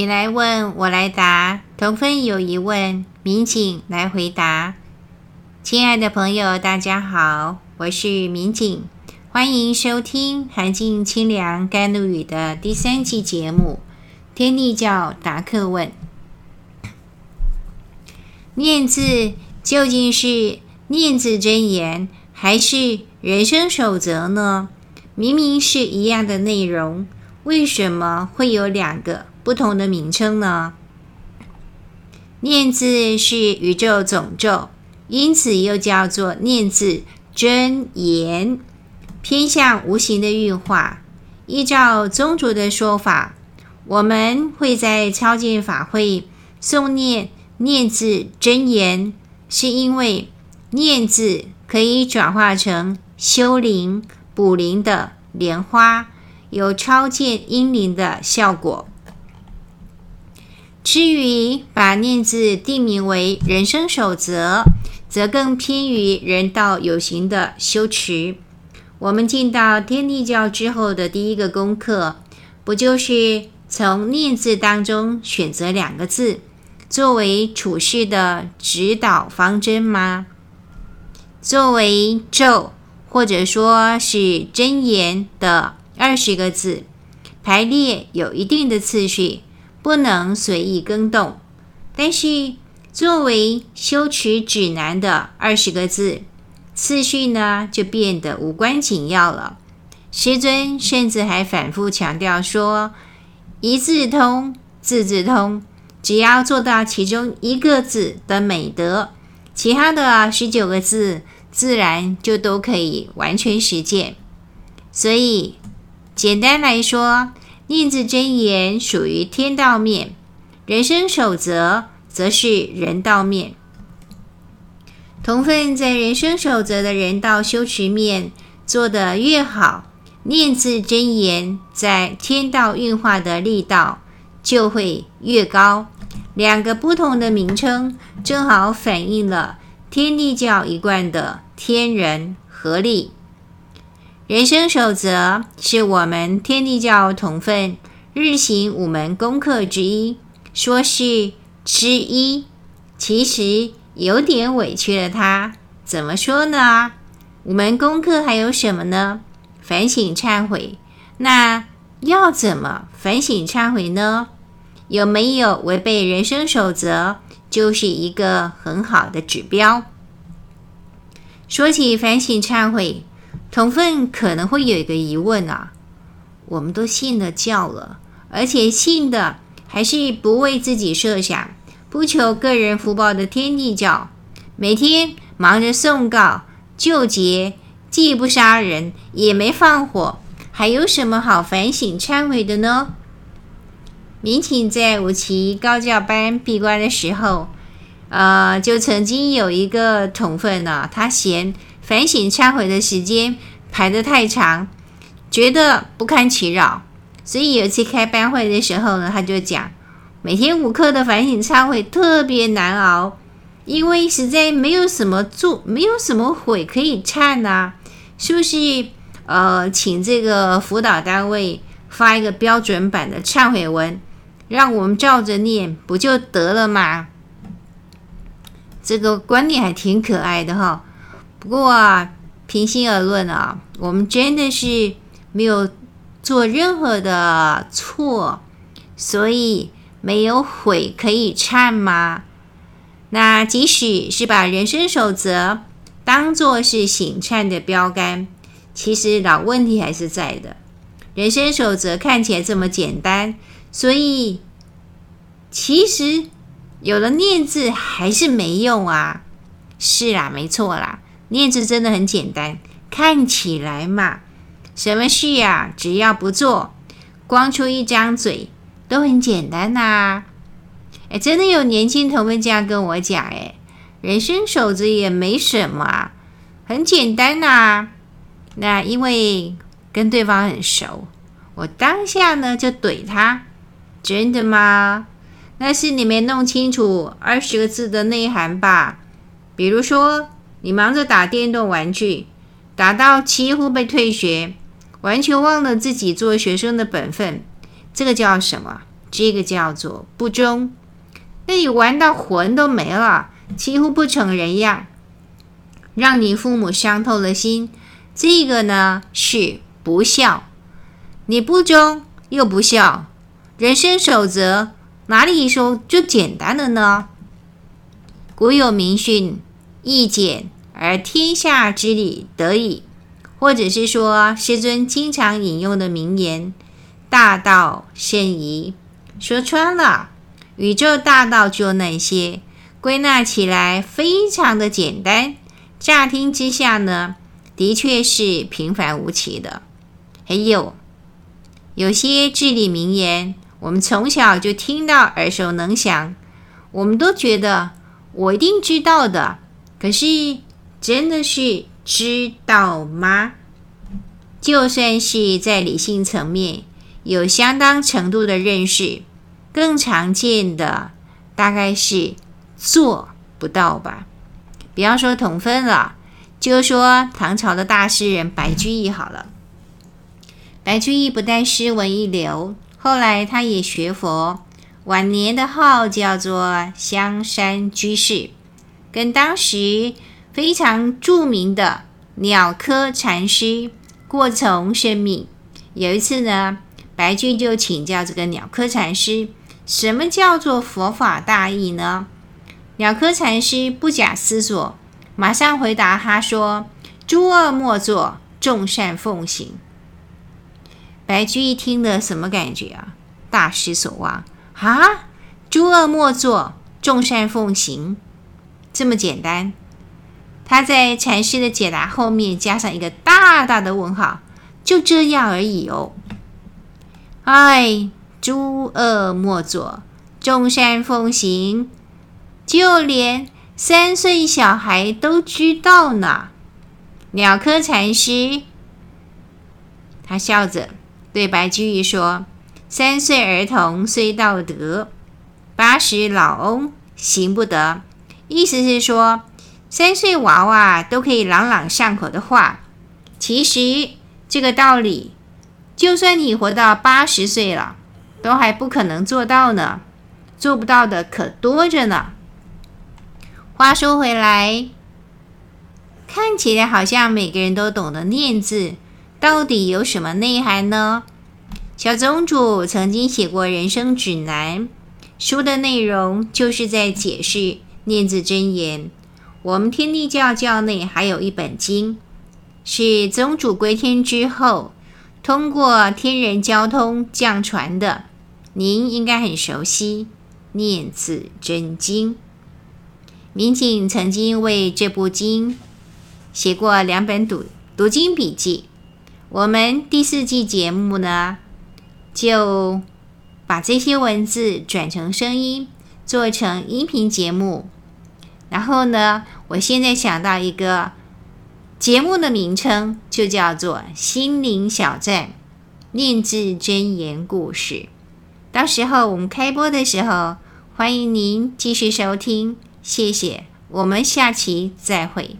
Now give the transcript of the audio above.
你來問我來答，同奮有疑問，民警來回答。親愛的朋友，大家好，我是民警，歡迎收聽《涵靜清涼甘露雨》的第三期節目《天帝教答客問》。廿字究竟是廿字真言還是人生守則呢？明明是一樣的內容，為什麼會有兩個？不同的名稱呢？廿字是宇宙總咒，因此又叫做廿字真言，偏向無形的運化。依照宗主的說法，我們會在超薦法會誦念廿字真言，是因為廿字可以轉化成修靈補靈的蓮花，有超薦陰靈的效果。至於把廿字定名為人生守則，則更偏於人道有形的修持。我們進到天帝教之後的第一個功課，不就是從廿字當中選擇兩個字，作為處世的指導方針嗎？作為咒，或者說是真言的二十個字，排列有一定的次序。不能隨意更動，但是作為修持指南的二十個字次序呢，就變得無關緊要了。師尊甚至還反覆強調說：“一字通，字字通，只要做到其中一個字的美德，其他的十九個字自然就都可以完全實踐。”所以，簡單來說，廿字真言屬於天道面，人生守則則是人道面。同奮在人生守則的人道修持面做得越好，廿字真言在天道運化的力道就會越高。兩個不同的名稱，正好反映了天帝教一貫的天人合力。人生守則是我們天帝教同奮日行五門功課之一，說是之一，其實有點委屈了他。怎麼說呢？五門功課還有什麼呢？反省懺悔。那要怎麼反省懺悔呢？有沒有違背人生守則，就是一個很好的指標。說起反省懺悔。同奮可能會有一個疑問啊，我們都信了教了，而且信的還是不為自己設想、不求個人福報的天帝教，每天忙着誦誥、救劫，既不殺人，也沒放火，還有什麼好反省懺悔的呢？民警在五期高教班閉關的時候，呃，就曾經有一個同奮呢、啊，他嫌。反省懺悔的時間排得太長，覺得不堪其擾，所以有一次開班會的時候呢，他就講，每天五課的反省懺悔特別難熬，因為實在沒有什麼做，沒有什麼悔可以懺吶、啊，是不是？呃，請這個輔導單位發一個標準版的懺悔文，讓我們照着唸不就得了嘛？這個觀念還挺可愛的哈。不過啊，平心而論啊，我們真的是沒有做任何的錯，所以沒有悔可以懺嗎？那即使是把人生守則當做是省懺的標杆，其實老問題還是在的。人生守則看起來這麼簡單，所以其實有了廿字還是沒用啊。是啦、啊，沒錯啦。廿字真的很簡單，看起來嘛，什麼事呀、啊？只要不做，光出一張嘴都很簡單吶、啊。真的有年輕同奮們這樣跟我講誒，人生守則也沒什麼，很簡單吶、啊。那因為跟對方很熟，我當下呢就懟他：“真的嗎？那是你沒弄清楚二十個字的內涵吧？比如說。”你忙着打電動玩具，打到幾乎被退學，完全忘了自己做學生的本分。這個叫什麼？這個叫做不忠。那你玩到魂都沒了，幾乎不成人樣，讓你父母傷透了心。這個呢，是不孝。你不忠又不孝，人生守則，哪裡說最簡單的呢？古有名訓。易簡，而天下之理得矣；或者是說，師尊經常引用的名言“大道甚夷”，說穿了，宇宙大道就那些，歸納起來非常的簡單。乍聽之下呢，的確是平凡無奇的。還、hey、有有些至理名言，我們從小就聽到，耳熟能詳，我們都覺得我一定知道的。可是，真的是知道嗎？就算是在理性層面有相當程度的認識，更常見的大概是做不到吧。不要說同奮了，就說唐朝的大詩人白居易好了。白居易不但詩文一流，後來他也學佛，晚年的號叫做香山居士。跟當時非常著名的鳥窠禪師過從甚密。有一次呢，白居易就請教這個鳥窠禪師：“什麼叫做佛法大意呢？”鳥窠禪師不假思索，馬上回答他說：“諸惡莫作，眾善奉行。”白居易聽了什麼感覺啊？大失所望啊！“諸惡莫作，眾善奉行。”這麼簡單，他在禪師的解答後面加上一個大大的問號，就這樣而已哦。哎，諸惡莫作，眾善奉行，就連三歲小孩都知道呢。鳥窠禪師，他笑着對白居易說：“三歲兒童雖道德，八十老翁行不得。”意思是說，三歲娃娃都可以朗朗上口的話，其實這個道理，就算你活到八十歲了，都還不可能做到呢。做不到的可多着呢。話說回來，看起來好像每個人都懂得廿字，到底有什麼內涵呢？蕭宗主曾經寫過《人生指南》書的內容，就是在解釋。《廿字真言》，我們天帝教教內還有一本經，是宗主歸天之後，通過天人交通降傳的。您應該很熟悉《廿字真經》。民警曾經為這部經寫過兩本讀讀經筆記。我們第四季節目呢，就把這些文字轉成聲音，做成音頻節目。然後呢，我現在想到一個節目的名稱，就叫做《心靈小站》，廿字真言故事。到時候我們開播的時候，歡迎您繼續收聽，謝謝，我們下期再會。